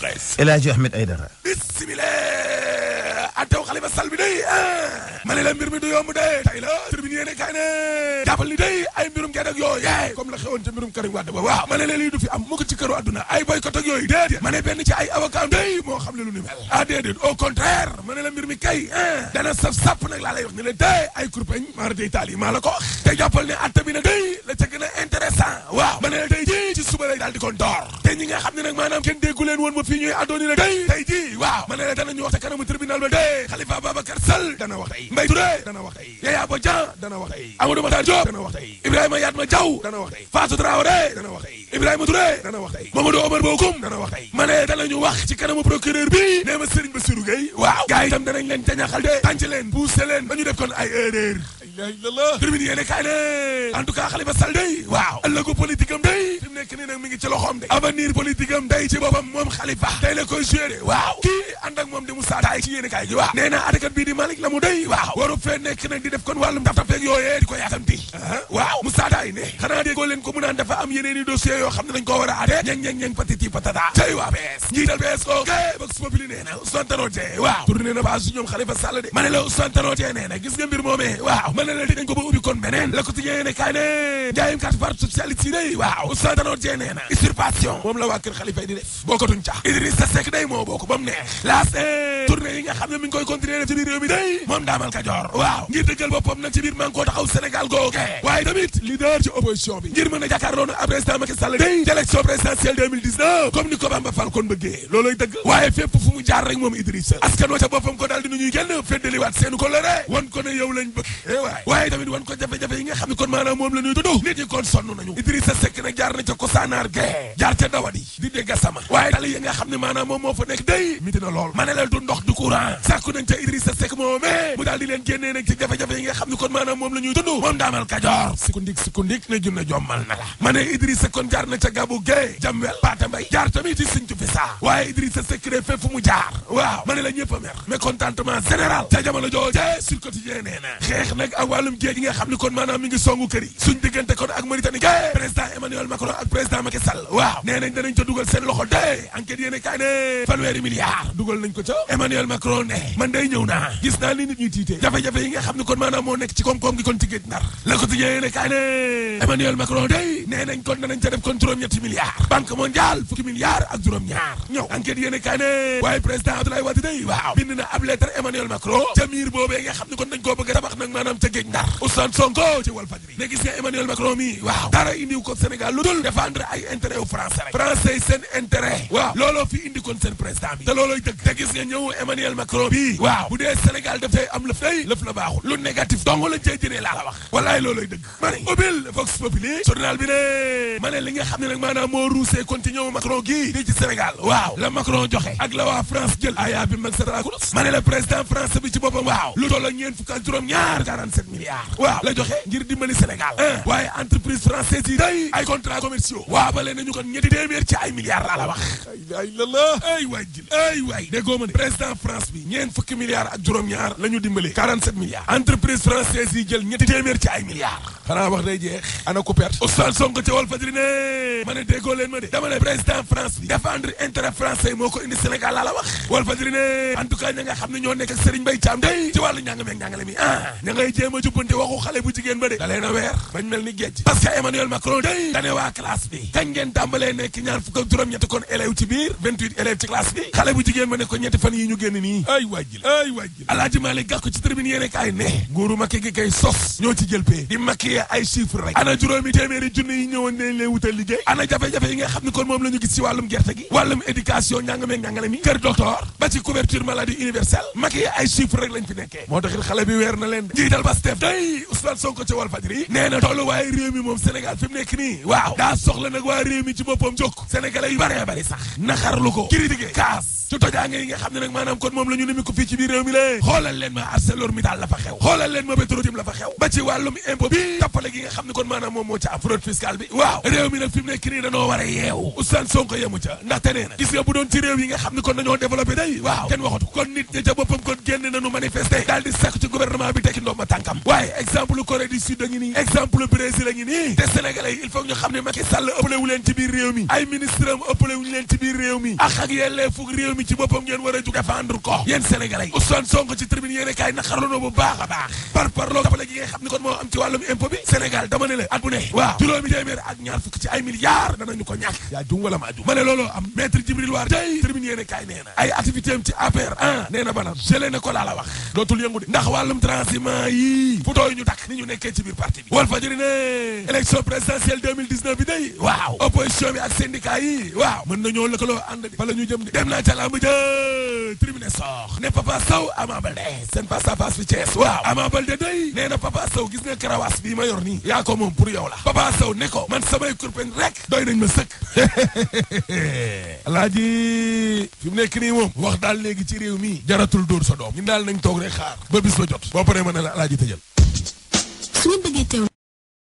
presse El Hadji Ahmed Aidara bismillah ataw Khalifa Sall bi eh. ma ne la mbir mi du yomb de tey la tribune yéene kay ne jàppal ni eh. la xewoon ca mbirum Karim Wade ba waaw ma ne la fi am mu ko ci ay boycott ak yooyu déedéet ma ne benn ci ay avocat day moo xam ne lu ni mel ah déedéet au contraire ma ne la mbir mi kay eh. dana saf sàpp la day ay kurpeñ maara day taal yi la ko wax te jàppal ne atta bi nag la ca gën a intéressant daal di ko ndoor te ñi nga xam ne nag maanaam kenn déggu leen woon ba fii ñuy àddooni nag tey tey ji waaw ma ne la danañu wax te kanamu tribunal ba tey Khalifa Babacar Sall dana wax tey Mbaye Touré dana wax tey Yaya Ba Dieng dana wax tey Amadou Mahtar Diop dana wax tey Ibrahima Yatma Diaw dana wax tey Fatou Traoré dana wax tey Ibrahima Touré dana wax tey Mamadou Omar Bokoum dana wax tey ma ne danañu wax ci kanamu procureur bi nee ma Serigne Bassirou Gueye waaw gars yi itam danañ leen jañaxal de tànc leen poussé leen ba ñu def kon ay erreur la ilaha illallah tribune yéene kaay ne en tout cas Khalifa Sall day waaw ëllëgu politique am day ni nag mi ngi ci loxoom de avenir politique am day ci Khalifa tey la koy joué waaw kii ànd ak moom di Moussa Taye ci yéene kaay gi waaw nee na di Malick la mu doy waaw waru di def kon wàllum taf tafeeg yooyee di ko yaakamti waaw Moussa Taye ne xanaa déggoo leen ko mu dafa am dossier dañ ko patiti patata tey waa PS njiital PS ko ok Vox Populi nee na Ousmane Tanor waaw na Khalifa Sall de ma Ousmane Tanor Dieng gis nga mbir moomee waaw ma ne dañ ko ba kon la ko ne kaay ne njaayum carte parti socialiste yi waaw Ousmane Cissé nee na usurpation moom la waa kër Khalifa di def bokkatuñ ca Idrissa Seck day moo bokk ba mu neex eh. laas tournée yi nga xam ne mi ngi koy ci biir réew a ko Bamba rek wan ko ne yow lañ bëgg eh waaye tamit wan ko jafe-jafe yi nga xam ne kon maanaam moom la ñuy tudd nit ñi kon sonn nañu Idrissa Seck nag jaar na ca saanaar gee jaar ca dawadi di dégg sama waaye tali yi nga xam ne maanaam moom moo fa nekk day miti na lool ma ne du ndox du courant sàkku nañ ca Idrissa Seck moomee mu daal di leen génnee nag ci jafe-jafe yi nga xam ne kon maanaam moom la ñuy moom daamal Kajoor sikundik sikundik ne junne na la ma ne Idrissa jaar na ca gabu gee jamwel Paata Mbay jaar tamit ci Sinthiou Fissa waaye Idrissa Seck de fépp fu mu jaar waaw ma la ñëpp a mer président Macky Sall waaw nee danañ ca dugal seen loxo day enquête yéene kaay ne fanweeri milliard dugal nañ ko ca Emmanuel Macron ne man day ñëw naa gis naa li nit ñuy tiitee jafe-jafe yi nga xam ne kon maanaam moo nekk ci koom-koom gi kon ci géej nar la ko tijjee yéene kaay Emmanuel Macron day nee nañ kon ca def kon juróom-ñetti milliards banque mondiale fukki milliards ak juróom-ñaar ñëw enquête yéene kaay ne waaye président Abdoulaye Wade day waaw bind ab lettre Emmanuel a défendre ay intérêt yu français rek français yi waaw looloo fi indi kon seen président bi te loolooy dëgg te gis nga waaw bu dee Sénégal dafay la baaxul lu négatif dong lañ cey jëlee laa ma ne ubbil Vox Populi journal bi ne ma ne di ci Sénégal waaw la Macron joxe ak la waa France jël ayaa bi mag satrakulos ma ne la président français bi ci boppam waaw lu toll ak ñeent fukk juróom ñaar 47 waaw la joxe ngir dimbali Sénégal waaye entreprise française yi day ay contrats commerciaux euro waa bale nañu kon ñetti téeméer ci ay milliards laa la wax la ilallah ay waay ay waay déggoo ma ne président France bi ñeen fukki milliards ak juróom-ñaar la ñu dimbalee 47 milliards entreprise française yi jël ñetti téeméer ci ay milliards xanaa wax day jeex ana ko perte Ousmane Sonko ci wal fajri ne ma ne déggoo leen ma dama ne président France bi défendre intérêt français moo ko indi Sénégal laa la wax wal fajri ne en tout cas ña nga ne ñoo nekk ak Serigne Mbaye Thiam day ci wàllu ñanga meeg ñangale mi ah ña ngay jéem a jubbante waxu xale bu jigéen ba de da leen a bañ mel ni parce que Emmanuel Macron day dane waa classe bi kañ ngeen tàmbalee nekk ñaar fukk ak juróom-ñetti kon élève ci biir 28 élève ci classe bi xale bu jigéen ma ne ko ñetti fan yi ñu génn nii ay wàjjil ay wàjjil alaaji Malick Gakou ci tribune yéene ne nguuru Macky gi kay sos ñoo ci jël di maquiller ay chiffre rek ana juróomi téeméeri junne yi ñëwoon nañ leen wutal liggéey ana jafe-jafe yi nga xam ne kon moom la gis ci wàllum gerte gi wàllum éducation ñanga ñàngale mi kër docteur soxla nag waa réew mi ci boppam jóg sénégalais yu bëree bëri sax naxarlu ko critiqué kaas ci tojaange yi nga xam ne nag maanaam kon moom la ñu nemi ko fii ci biir mi la xoolal leen ma ArcelorMittal la fa xew xoolal leen ma petro la fa xew ba ci wàllum impôt bi tappale gi nga xam ne kon maanaam moom moo ca ab fraude bi waaw réew mi nag fi mu nekk nii danoo war a yeewu Ousmane Sonko yemu ca ndaxte nee na gis bu doon ci réew yi nga xam ne kon dañoo développé la ëppale wu leen ci biir réew mi ay ak ak yelleefu réew mi ci boppam ngeen war jug défendre ko yéen sénégalais Ousmane Sonko ci tribune yéene kaay naqarlu na bu baax a baax par par gi nga xam ni kon am ci wàllum impôt bi Sénégal dama ne la bu ne waaw juróomi téeméer ak ñaar fukk ci ay milliards danañu ko ñàkk yaa jum wala maa jum ma ne am maître Djibril War tey tribune yéene kaay nee ay activité ci APR 1 nee bana gelé na ko laa wax dootul yëngu di waaw opposition bi ak syndicat yi waaw mën nañoo lëkkaloo ànd di fa la ñu jëm di dem naa ca lamb ja tribune sox ne Papa Sow Ama Baldé seen face à face bi Thiès waaw Ama Baldé day nee na Papa Sow gis nga karawaas bii ma yor nii yaa ko moom pour yow la Papa Sow ne ko man samay kurpeñ rek doy nañ ma sëkk alaaji fi mu nekk nii moom wax daal léegi ci réew mi jaratul door sa doom ñun daal nañ toog rek xaar ba bis ba jot boo paree ma ne la alaaji tëjal su